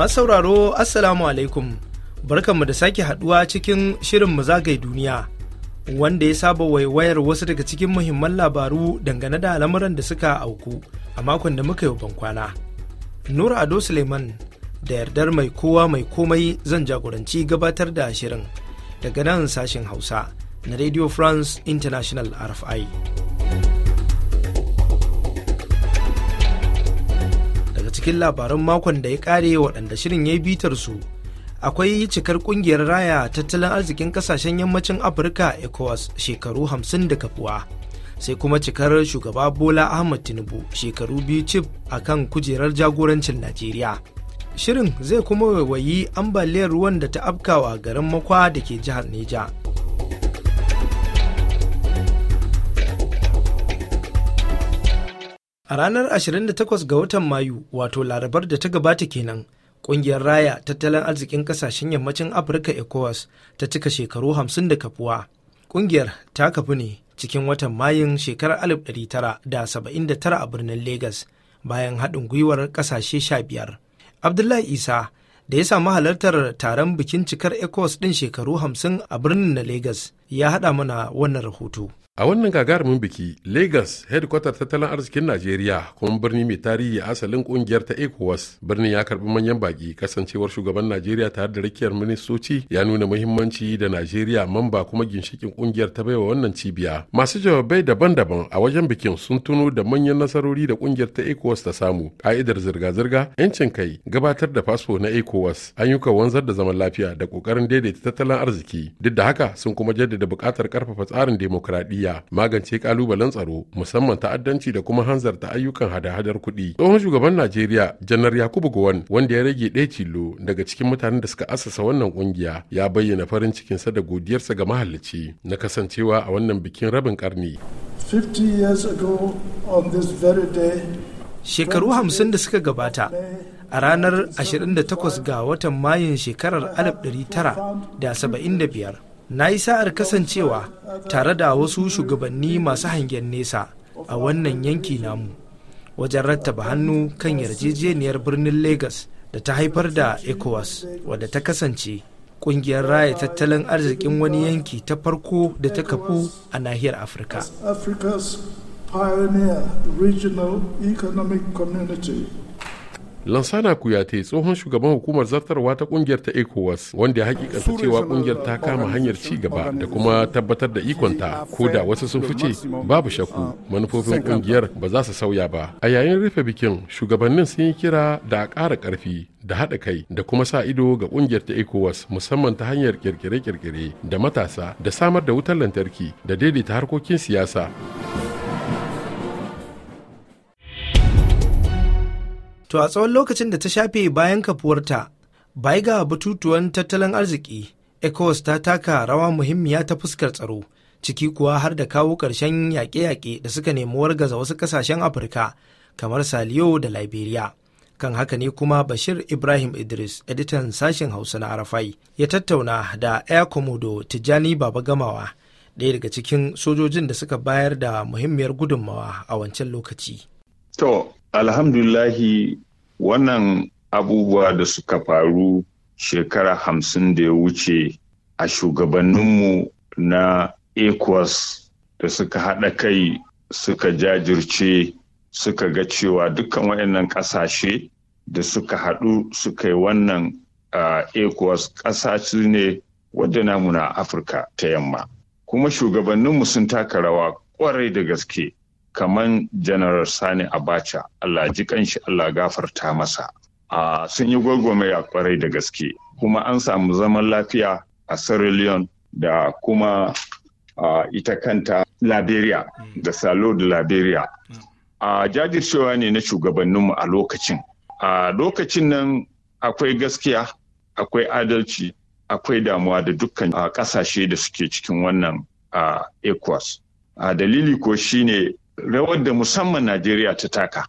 Masu sauraro Assalamu alaikum barkanmu da sake haduwa cikin shirin mu zagaye duniya wanda ya saba waiwayar wasu daga cikin muhimman labaru dangane da lamuran da suka auku a makon da muka yi wa bankwana. Nura Ado Suleiman da yardar mai kowa mai komai zan jagoranci gabatar da shirin daga nan sashen Hausa na Radio France International RFI. cikin labaran makon da ya kare waɗanda shirin ya bitar su akwai cikar kungiyar raya tattalin arzikin kasashen yammacin afirka ecowas shekaru 50 da kafuwa sai kuma cikar shugaba bola ahmad tinubu shekaru biyu cif a kan kujerar jagorancin najeriya shirin zai kuma waiwayi ambaliyar ruwan da ta afkawa garin makwa da ke jihar neja A ranar 28 ga watan Mayu, wato Larabar da ta gabata kenan, ƙungiyar Raya Tattalin Arzikin Ƙasashen Yammacin Afirka ECOWAS ta cika shekaru 50 da kafuwa. Ƙungiyar ta kafu ne cikin watan Mayun shekarar 1979 a birnin Legas bayan haɗin gwiwar ƙasashe 15. Abdullahi Isa da ya samu halartar taron bikin cikar ECOWAS ɗin shekaru 50 a birnin na Legas ya haɗa mana wannan rahoto. a wannan gagarumin biki lagos headquarter tattalin arzikin najeriya kuma birni mai tarihi a asalin kungiyar ta ecowas birni ya karbi manyan baki kasancewar shugaban najeriya tare da rakiyar ministoci ya nuna muhimmanci da najeriya mamba kuma ginshikin kungiyar ta baiwa wannan cibiya masu jawabai daban-daban a wajen bikin sun tuno da manyan nasarori da kungiyar ta ecowas ta samu ka'idar zirga-zirga yancin kai gabatar da fasfo na ecowas ayyukan wanzar da zaman lafiya da kokarin daidaita tattalin arziki duk da haka sun kuma jaddada buƙatar karfafa tsarin demokradiyya jam'iyya magance kalubalen tsaro musamman ta'addanci da kuma hanzarta ayyukan hada-hadar kuɗi tsohon shugaban najeriya janar yakubu gowon wanda ya rage ɗaya tilo daga cikin mutanen da suka asasa wannan kungiya ya bayyana farin cikinsa da godiyarsa ga mahalicci na kasancewa a wannan bikin rabin karni shekaru hamsin da suka gabata a ranar 28 ga watan mayun shekarar 1975 na yi sa'ar kasancewa tare da wasu shugabanni masu hangen nesa a wannan yanki namu wajen rattaba hannu kan yarjejeniyar birnin lagos da ta haifar da ecowas wadda ta kasance kungiyar raya tattalin arzikin wani yanki ta farko da ta kafu a nahiyar afirka Lansana Kuyate tsohon shugaban hukumar zartarwa ta kungiyar ta ECOWAS wanda ya hakikanta cewa kungiyar ta kama hanyar ci gaba da kuma tabbatar da ikonta ko da wasu sun fice babu shaku manufofin kungiyar ba za su sauya ba. A yayin rufe bikin shugabannin sun yi kira da a ƙara ƙarfi da haɗa kai da kuma sa ido ga ƙungiyar ta ECOWAS musamman ta hanyar kirkire-kirkire da matasa da samar da wutar lantarki da daidaita harkokin siyasa. To a tsawon lokacin da ta shafe bayan kafuwarta, bai ga batutuwan tattalin arziki, ECOWAS ta taka rawa muhimmiya ta fuskar tsaro, ciki kuwa har da kawo ƙarshen yaƙe-yaƙe da suka nemi wargaza wasu ƙasashen Afirka, kamar Saliyo da Liberia. Kan haka ne kuma Bashir Ibrahim Idris, editan sashen Hausa na Arafai, ya tattauna da Air Komodo Tijjani Baba Gamawa, ɗaya daga cikin sojojin da suka bayar da muhimmiyar gudunmawa a wancan lokaci. To, alhamdulahi wannan abubuwa da suka faru shekara hamsin da ya wuce a shugabanninmu na ecowas da suka haɗa kai suka jajirce suka ga cewa dukkan waɗannan ƙasashe da suka haɗu suka yi wannan ecowas ƙasashe ne wadda namu na afirka ta yamma kuma shugabanninmu sun taka rawa kwarai da gaske kaman General Sani Abacha, Allah ji kanshi Allah gafarta masa. a sun yi a kwarai da gaske, kuma an samu zaman lafiya a Sierra Leone da kuma a ita kanta Liberia hmm. da Salo da Liberia. Hmm. A jajircewa ne na shugabanninmu a lokacin. A lokacin nan akwai gaskiya, akwai adalci, akwai damuwa da dukkan kasashe da suke cikin wannan a ECOWAS. A dalili ko shine rawar da musamman Najeriya ta taka.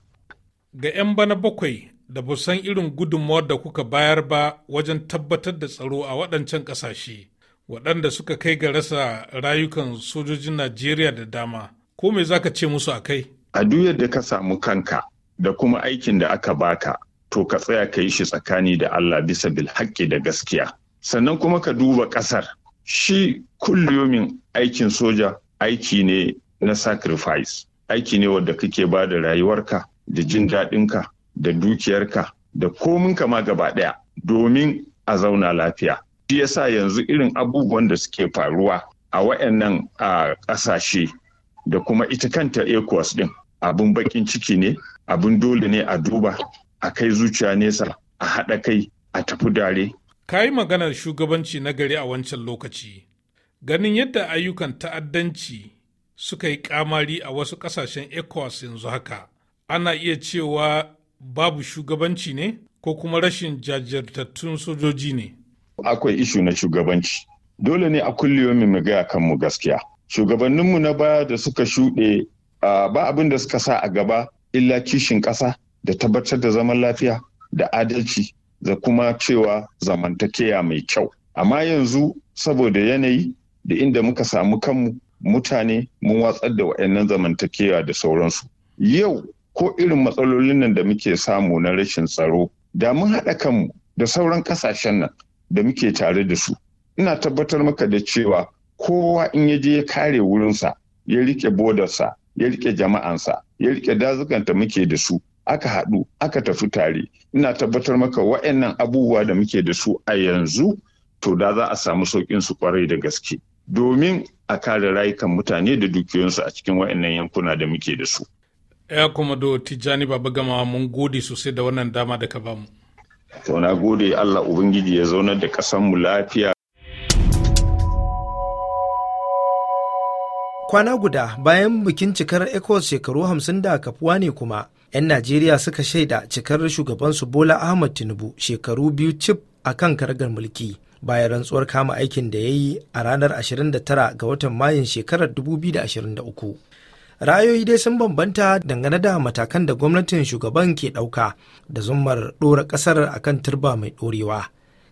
Ga 'yan bana bakwai da ba san irin gudunmawar da kuka bayar ba wajen tabbatar da tsaro a waɗancan ƙasashe, waɗanda suka kai ga rasa rayukan sojojin Najeriya da dama, ko me za ka ce musu a kai? A duk da ka samu kanka da kuma aikin da aka baka, to ka tsaya ka yi shi tsakani da Allah bisa bil haƙƙi da gaskiya. Sannan kuma ka duba ƙasar, shi kulliyomin aikin soja aiki ne na sacrifice. aiki ne wadda kake ba da rayuwarka da jin daɗinka da dukiyarka da komin kama gaba ɗaya domin a zauna lafiya shi yasa yanzu irin abubuwan da suke faruwa a wayannan a ƙasashe da kuma ita kanta ecos din. abin bakin ciki ne abin dole ne a duba a kai zuciya nesa a haɗa kai a tafi dare ka yi maganar shugabanci na gari a wancan lokaci ganin yadda ayyukan ta'addanci suka yi kamari a wasu kasashen ECOWAS yanzu haka. Ana iya cewa babu shugabanci ne ko kuma rashin jajirtattun sojoji ne. Akwai ishu na shugabanci. Dole ne a kulliyomi mu gaya kanmu gaskiya. Shugabanninmu na baya da suka shuɗe ba abin da suka sa a gaba illa kishin ƙasa da tabbatar da zaman lafiya da adalci da kuma cewa zamantakeya mai kyau. Amma yanzu saboda yanayi da inda muka samu kanmu mutane mun watsar da wa'annan zamantakewa da sauransu yau ko irin matsalolin nan da muke samu na rashin tsaro da mun haɗa kanmu da sauran ƙasashen nan da muke tare da su ina tabbatar maka da cewa kowa in ya je ya kare wurinsa ya rike bodarsa ya rike jama'ansa ya rike dazukanta muke da su aka haɗu aka tafi tare ina tabbatar maka wa'annan abubuwa da muke da su a yanzu to da za a samu sauƙin su kwarai da gaske domin a kare rayukan mutane da dukiyoyinsu a cikin waɗannan yankuna da muke da su. Ya kuma do Tijjani Baba Gama mun gode sosai da wannan dama da ka bamu. To na gode Allah Ubangiji ya zaunar da mu lafiya kwana guda bayan bikin cikar ecowas shekaru hamsin da kafuwa ne kuma 'yan najeriya suka shaida cikar shugabansu bola ahmad tinubu shekaru biyu cif a kan karagar mulki bayan rantsuwar kama aikin da ya yi a ranar 29 ga watan mayun shekarar 2023 ra'ayoyi dai sun bambanta dangane da matakan da gwamnatin shugaban ke ɗauka da zumar ɗora ƙasar akan turba mai ɗorewa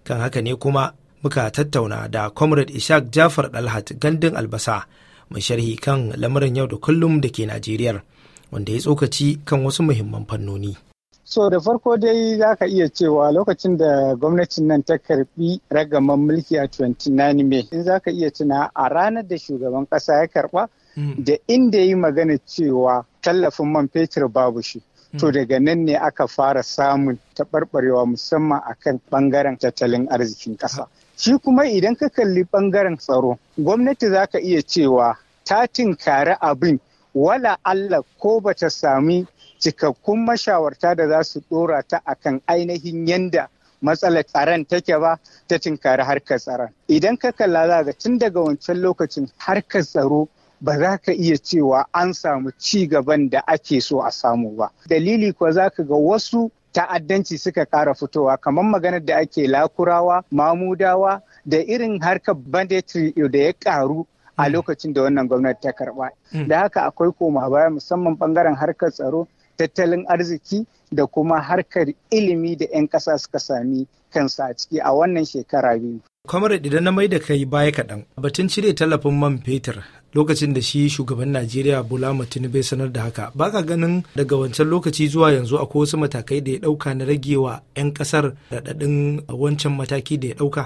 kan haka ne kuma muka tattauna da comrade ishaq jafar dalhat gandun albasa mai sharhi kan lamarin yau da kullum da ke najeriya wanda ya tsokaci kan wasu muhimman fannoni So da farko dai za ka iya cewa lokacin da gwamnatin nan ta karbi ragaman mulki a 29 Mai, in za ka iya tuna a ranar da shugaban kasa ya karba hmm. da inda yi magana cewa tallafin man fetur babu shi. To hmm. daga nan ne aka fara samun taɓarɓarewa musamman a kan ɓangaren tattalin arzikin ƙasa. Shi kuma idan ka kalli ɓangaren tsaro, gwamnati za ka iya cewa ta tinkari abin wala Allah ko bata sami cikakkun mashawarta da za su dora ta akan ainihin yanda matsalar tsaron take ba ta tinkari harkar tsaron. Idan ka kalla za ga tun daga wancan lokacin harkar tsaro ba za ka iya cewa an samu ci gaban da ake so a samu ba. Dalili kuwa za ka ga wasu ta'addanci suka kara fitowa kamar maganar da ake lakurawa, mamudawa da irin harkar banditry da ya karu a mm. lokacin da wannan gwamnati ta karba. Mm. Da haka akwai koma baya musamman ɓangaren harkar tsaro tattalin arziki da kuma harkar ilimi da 'yan ƙasa suka sami kansa a ciki a wannan shekara biyu. Comrade idan na mai da kai baya kaɗan batun cire tallafin man fetur lokacin da shi shugaban Najeriya Bola Tinubu bai sanar da haka baka ganin daga wancan lokaci zuwa yanzu akwai wasu matakai da ya ɗauka na ragewa 'yan ƙasar raɗaɗin wancan mataki da ya ɗauka.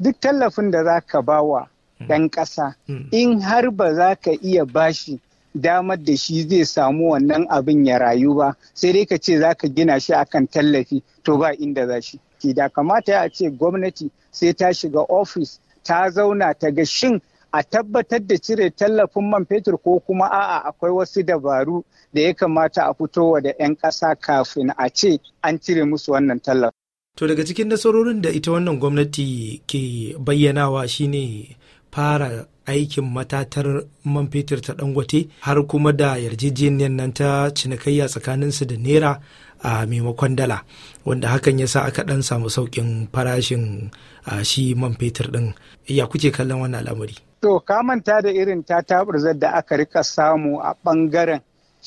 Duk tallafin da za ka ba wa hmm. ɗan ƙasa hmm. in har ba za ka iya bashi damar da shi zai samu wannan abin ya rayu ba sai dai ka ce za ka gina shi akan tallafi to ba inda za shi da kamata ya ce gwamnati sai ta shiga ofis ta zauna ta ga shin a tabbatar da cire tallafin man fetur ko kuma a'a akwai wasu dabaru da ya kamata a fitowa da 'yan ƙasa kafin a ce an cire musu wannan tallafin. To daga cikin nasarorin da ita wannan gwamnati ke bayyanawa shine fara aikin matatar man fetur ta dangote har kuma da yarjejeniyar nan ta cinikayya tsakanin su da naira a maimakon dala wanda hakan ya sa aka dan samu saukin farashin shi man fetur din ya kuke kallon wannan al'amari to ka manta da irin ta tatabarzar da aka rika samu a bangaren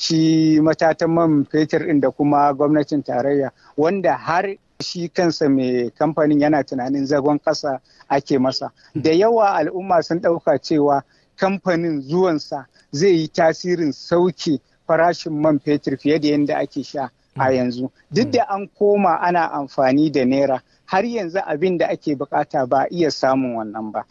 shi matatan man fetur din da kuma gwamnatin tarayya wanda har shi kansa mai kamfanin yana tunanin zagon kasa ake masa hmm. da yawa al'umma sun ɗauka cewa kamfanin zuwansa zai yi tasirin sauke farashin man fetur fiye da yadda ake sha a hmm. yanzu duk hmm. da an koma ana amfani da naira har yanzu abin da ake bukata ba iya samun wannan ba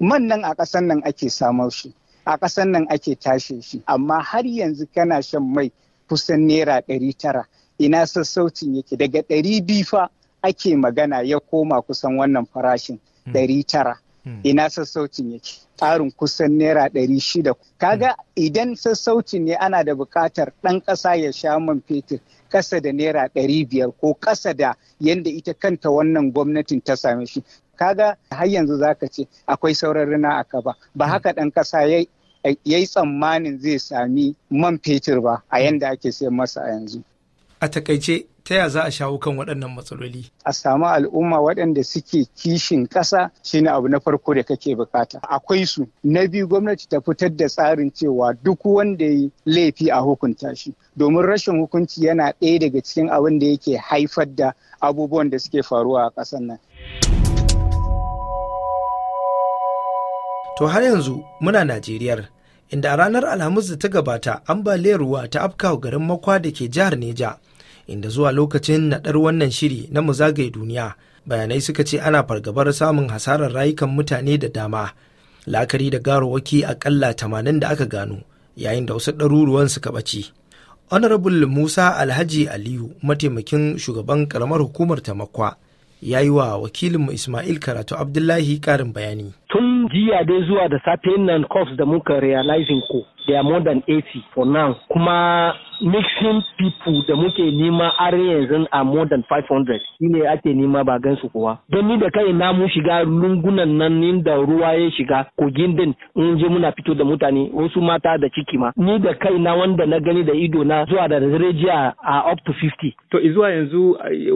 man nan a ƙasan nan ake samar shi a ƙasan nan ake tashe shi amma har yanzu kana shan mai kusan naira ɗari tara ina sassaucin yake daga ɗari biyu fa ake magana ya koma kusan wannan farashin ɗari hmm. tara hmm. ina sassaucin yake ƙarin kusan naira ɗari shida kaga hmm. idan sassauci ne ana da bukatar ɗan ƙasa ya sha man fetur kasa da naira ɗari biyar ko kasa da yadda ita kanta wannan gwamnatin ta same shi kaga har yanzu zaka ce akwai sauran rina a kaba ba haka ɗan ƙasa ya yi tsammanin zai sami man fetur ba a yanda ake sayar masa a yanzu a takaice ta ya za a shawo kan waɗannan matsaloli? A samu al'umma waɗanda suke kishin ƙasa shine abu na farko da kake bukata. Akwai su. Na biyu gwamnati ta fitar da tsarin cewa duk wanda ya yi laifi a hukunta shi. Domin rashin hukunci yana ɗaya daga cikin abin da yake haifar da abubuwan da suke faruwa a ƙasar nan. To har yanzu muna Najeriyar. inda a ranar alhamis da ta gabata ambaliyar ruwa ta afka garin makwa da ke jihar neja inda zuwa lokacin naɗar wannan shiri na mu zagaye duniya bayanai suka ce ana fargabar samun hasarar rayukan mutane da dama Lakari da garowaki akalla tamanin da aka gano yayin da wasu ɗaruruwan suka ɓaci honorable musa alhaji aliyu mataimakin shugaban karamar hukumar tamakwa ya yi wa wakilinmu Ismail Karatu Abdullahi ƙarin bayani. Tun jiya dai zuwa da safe nan cops da muka realizing ko they are more than 80 for now kuma mixing people da muke nima are yanzu a more than 500 shine ake nima ba gansu kowa don ni da kai na mu shiga lungunan nan ni da ruwa ya shiga kogin din in je muna fito da mutane wasu mata da ciki ma ni da kai na wanda na gani da ido na zuwa da rejiya a up to 50 to zuwa yanzu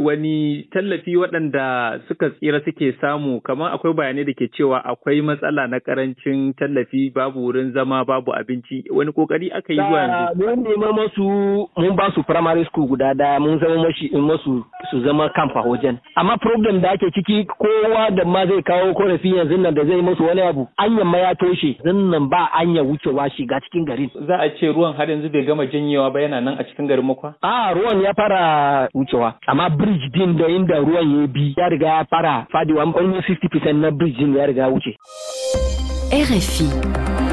wani tallafi waɗanda suka tsira suke samu kamar akwai bayanai da ke cewa akwai matsala na karancin tallafi babu wurin zama babu abinci wani kokari aka yi zuwa yanzu mun nema masu mun ba su primary school guda daya mun zama mashi in masu su zama kamfa wajen amma problem da ake ciki kowa da ma zai kawo korafi yanzu nan da zai masu wani abu anyan ma ya toshe nan ba anya wucewa shiga cikin garin za a ce ruwan har yanzu bai gama janyewa ba yana nan a cikin garin makwa a ruwan ya fara wucewa amma bridge din da inda ruwan ya bi ya riga ya fara fadiwa 60% na bridge din ya riga wuce RFI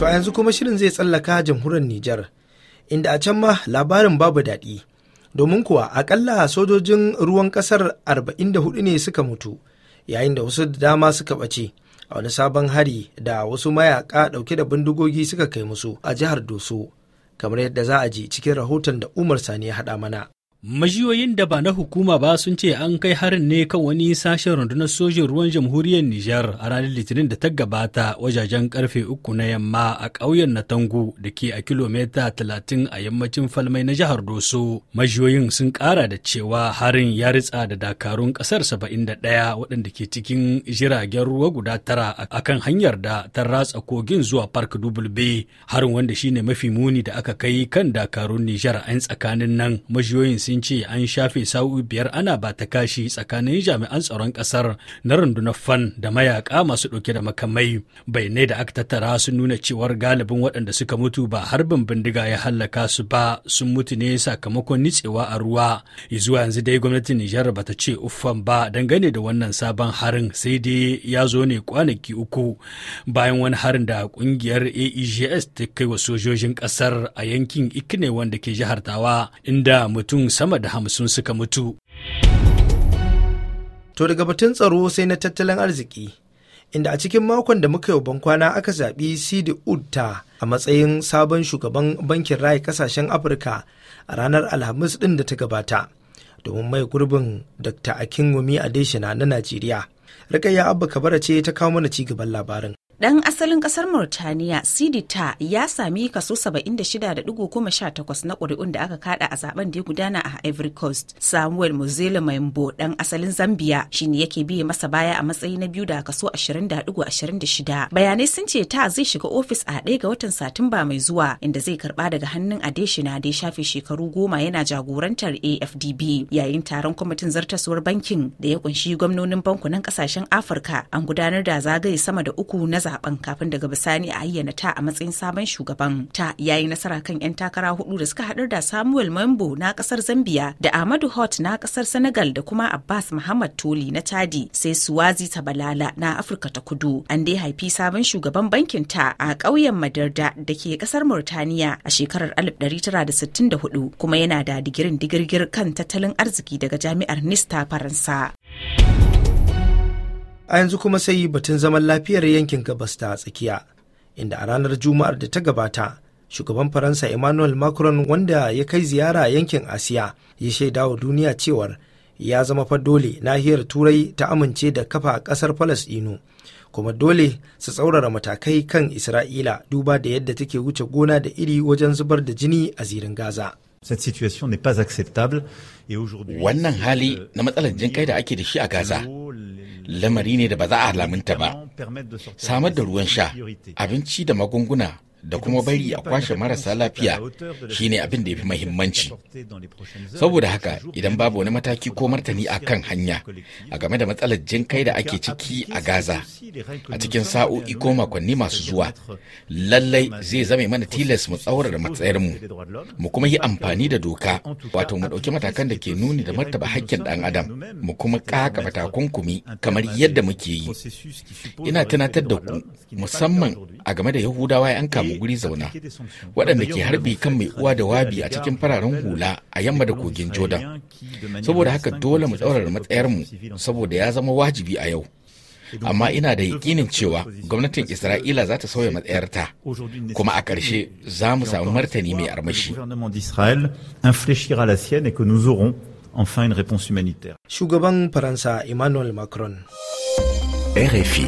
To a yanzu kuma shirin zai tsallaka jamhuriyar Nijar, inda a can ma labarin babu daɗi. Domin kuwa akalla sojojin ruwan ƙasar arba'in da hudu ne suka mutu, yayin da wasu da dama suka ɓace. a wani sabon hari da wasu mayaka ɗauke da bindigogi suka kai musu a jihar doso kamar yadda za a ji cikin rahoton da umar sani ya haɗa mana Majiyoyin da ba na hukuma ba sun ce an kai harin ne kan wani sashen rundunar sojin ruwan jamhuriyar Nijar a ranar Litinin da ta gabata wajajen karfe uku na yamma a ƙauyen Natangu da ke a kilomita 30 a yammacin Falmai na jihar Doso. Majiyoyin sun ƙara da cewa harin ya ritsa da dakarun ƙasar saba'in da ɗaya waɗanda ke cikin jiragen ruwa guda tara a kan hanyar da ta ratsa kogin zuwa Park Dubulbe. Harin wanda shine mafi muni da aka kai kan dakarun Nijar a tsakanin nan majiyoyin sun ce an shafe sa'o'i biyar ana ba ta kashi tsakanin jami'an tsaron ƙasar na rundunar fan da mayaƙa masu ɗauke da makamai. Bayanai da aka tattara sun nuna cewar galibin waɗanda suka mutu ba harbin bindiga ya hallaka su ba sun mutu ne sakamakon nitsewa a ruwa. Zuwa yanzu dai gwamnatin Nijar ba ta ce uffan ba dangane da wannan sabon harin sai dai ya zo ne kwanaki uku bayan wani harin da ƙungiyar AEGS ta kai wa sojojin ƙasar a yankin Ikine wanda ke jihar Tawa inda mutum sama da hamsin suka mutu. To daga batun tsaro sai na tattalin arziki, inda a cikin makon da muka yau bankwana aka zaɓi Sidi Utta a matsayin sabon shugaban bankin raya ƙasashen Afirka a ranar Alhamis ɗin da ta gabata, domin mai gurbin Dr. Akinwumi Adeshina na Najeriya. Rikayya Abba Kabara ce ta kawo mana ci gaban labarin. Ɗan asalin ƙasar Mauritania Sidita ya sami kaso 76.18 na ƙuri'un da aka kada a zaben da ya gudana a Ivory Coast. Samuel Muzela Maimbo ɗan asalin Zambia shine yake biye masa baya a matsayi na biyu da kaso 20.26. Bayanai sun ce ta zai shiga ofis a ɗaya ga watan Satumba mai zuwa inda zai karɓa daga hannun Adeshina da ya shafe shekaru goma yana jagorantar AFDB yayin taron kwamitin zartaswar bankin da ya kunshi gwamnonin bankunan ƙasashen Afirka an gudanar da zagaye sama da uku na zaben kafin daga bisani a ayyana ta a matsayin sabon shugaban ta yayi nasara kan 'yan takara hudu da suka haɗar da samuel mambo na kasar zambia da ahmadu hot na kasar senegal da kuma abbas muhammad toli na chadi sai suwazi tabalala na afirka ta kudu an dai haifi sabon shugaban bankin ta a ƙauyen madarda da ke kasar murtaniya a shekarar 1964 kuma yana da digirin digirgir kan tattalin arziki daga jami'ar nista faransa. a yanzu kuma sai batun zaman lafiyar yankin gabas ta tsakiya inda a ranar juma'ar da ta gabata shugaban faransa emmanuel macron wanda ya kai ziyara yankin asiya ya shaida wa duniya cewar ya zama fa dole nahiyar turai ta amince da kafa kasar falasɗinu kuma dole su tsaurara matakai kan isra'ila duba da yadda take wuce gona da iri wajen zubar da jini a zirin gaza Wannan hali na matsalar jin kai da ake da shi a Gaza lamari ne da ba za a lamunta ba. Samar da ruwan sha, abinci da magunguna da kuma bari a kwashe marasa lafiya shine abin da ya fi mahimmanci saboda haka idan babu wani mataki ko martani a kan hanya a game da matsalar jinkai da ake ciki a gaza a cikin sa'o'i ko makonni masu zuwa lallai zai zame mana tilas mu tsaurar matsayarmu mu kuma yi amfani da doka wato mu ɗauki matakan da ke nuni da martaba hakkin ɗan adam mu kuma ƙaƙa matakunkumi kamar yadda muke yi ina tunatar da ku musamman a game da yahudawa 'yan kama guri zauna waɗanda ke harbi kan mai uwa da wabi a cikin fararen hula a yamma da kogin jordan saboda haka dole mu matsayar matsayarmu saboda ya zama wajibi a yau amma ina da yakinin cewa gwamnatin isra'ila za ta sauya matsayarta kuma a ƙarshe za mu samu martani mai armashi shugaban faransa emmanuel macron rfi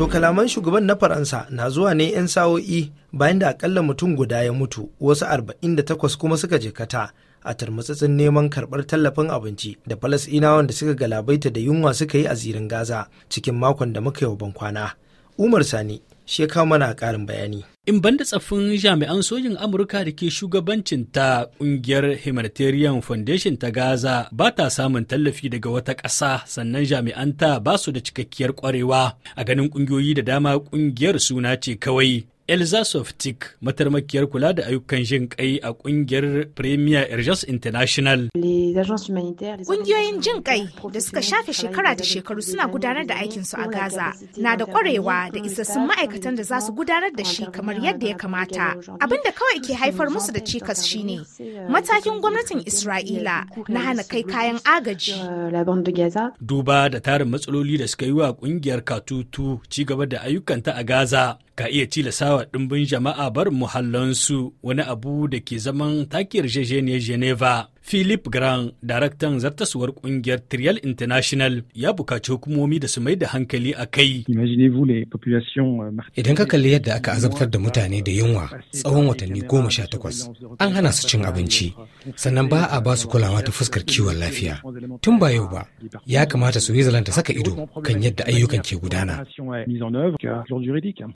To kalaman shugaban na Faransa na zuwa ne 'yan sa'o'i bayan da akalla mutum guda ya mutu wasu 48 kuma suka je kata, a tarmatsatsin neman karɓar tallafin abinci da falasɗinawan da suka galabaita da yunwa suka yi a zirin Gaza cikin makon da muka yi yau bankwana. Umar Sani shi kawo mana karin bayani. In banda tsaffin jami'an sojin Amurka da ke shugabancin ta ƙungiyar Humanitarian Foundation ta Gaza ba ta samun tallafi daga wata ƙasa sannan jami'an ta ba su da cikakkiyar ƙwarewa. A ganin ƙungiyoyi da dama ƙungiyar suna ce kawai Elza Softik matarmakiyar kula da ayyukan jin kai a kungiyar Premier Urgence International. Kungiyoyin jin kai da suka shafe shekara da shekaru suna gudanar da aikinsu a Gaza na da kwarewa da isassun ma'aikatan da za su gudanar da shi kamar yadda ya kamata. Abin da kawai ke haifar musu da cikas shine euh, matakin gwamnatin Isra'ila na hana kai kayan agaji. Euh, Duba da tarin matsaloli da suka yi wa kungiyar Katutu ci gaba da ayyukanta a Gaza. ka iya tilasawa ɗumbin jama'a barin muhallansu wani abu da ke zaman takiyar jejeniyar Geneva. Philip Grant, daraktan zartaswar kungiyar Trial International, ya bukaci hukumomi da su mai da hankali a kai. Euh, Idan ka kalli yadda aka azabtar da mutane da yunwa tsawon watanni goma sha takwas, an hana su cin abinci, sannan ba a ba su kulawa ta fuskar kiwon lafiya. Tun ba yau ba, ya kamata Switzerland ta saka ido kan yadda ayyukan ke gudana.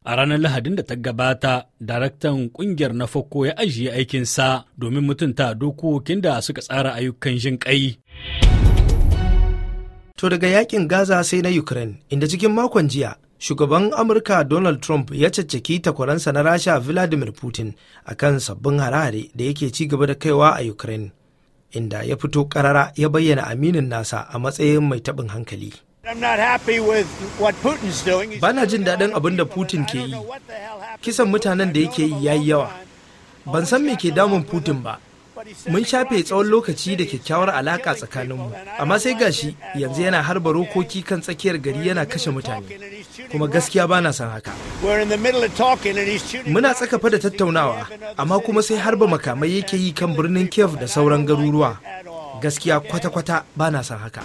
A ranar Lahadin da ta gabata, daraktan kungiyar na farko ya ajiye aikinsa domin mutunta dokokin da suka tsara ayyukan jin ƙai. To daga yakin Gaza sai na Ukraine, inda cikin makon jiya shugaban amurka donald trump ya caccaki takwaransa na rasha vladimir putin a kan sabbin harare da yake ci gaba da kaiwa a ukraine inda ya fito karara ya bayyana aminin nasa a matsayin mai taɓin hankali bana jin daɗin abin da putin ke yi kisan mutanen da yake yi yayi yawa ban san me ke damun putin ba mun shafe tsawon lokaci da kyakkyawar alaka tsakaninmu amma sai gashi yanzu yana harba rokoki kan tsakiyar gari yana kashe mutane kuma gaskiya bana son haka muna tsaka fa da tattaunawa amma kuma sai harba makamai yake yi kan birnin kiev da sauran garuruwa gaskiya kwata-kwata ba na son haka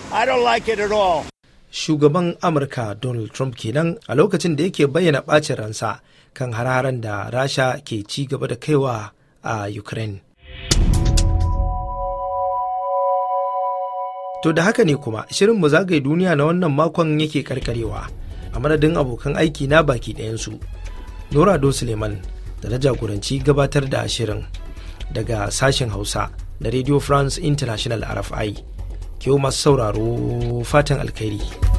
shugaban amurka donald trump kenan a lokacin da yake bayyana ɓacin ransa kan hararen da rasha ke ci gaba da kaiwa a ukraine To da haka ne kuma shirin mu zagaye duniya na wannan makon yake karkarewa a madadin abokan aiki na baki ɗayansu. Nora Do Suleiman da na jagoranci gabatar da shirin daga sashen Hausa da Radio France International RFI. Ke masu sauraro fatan alkhairi.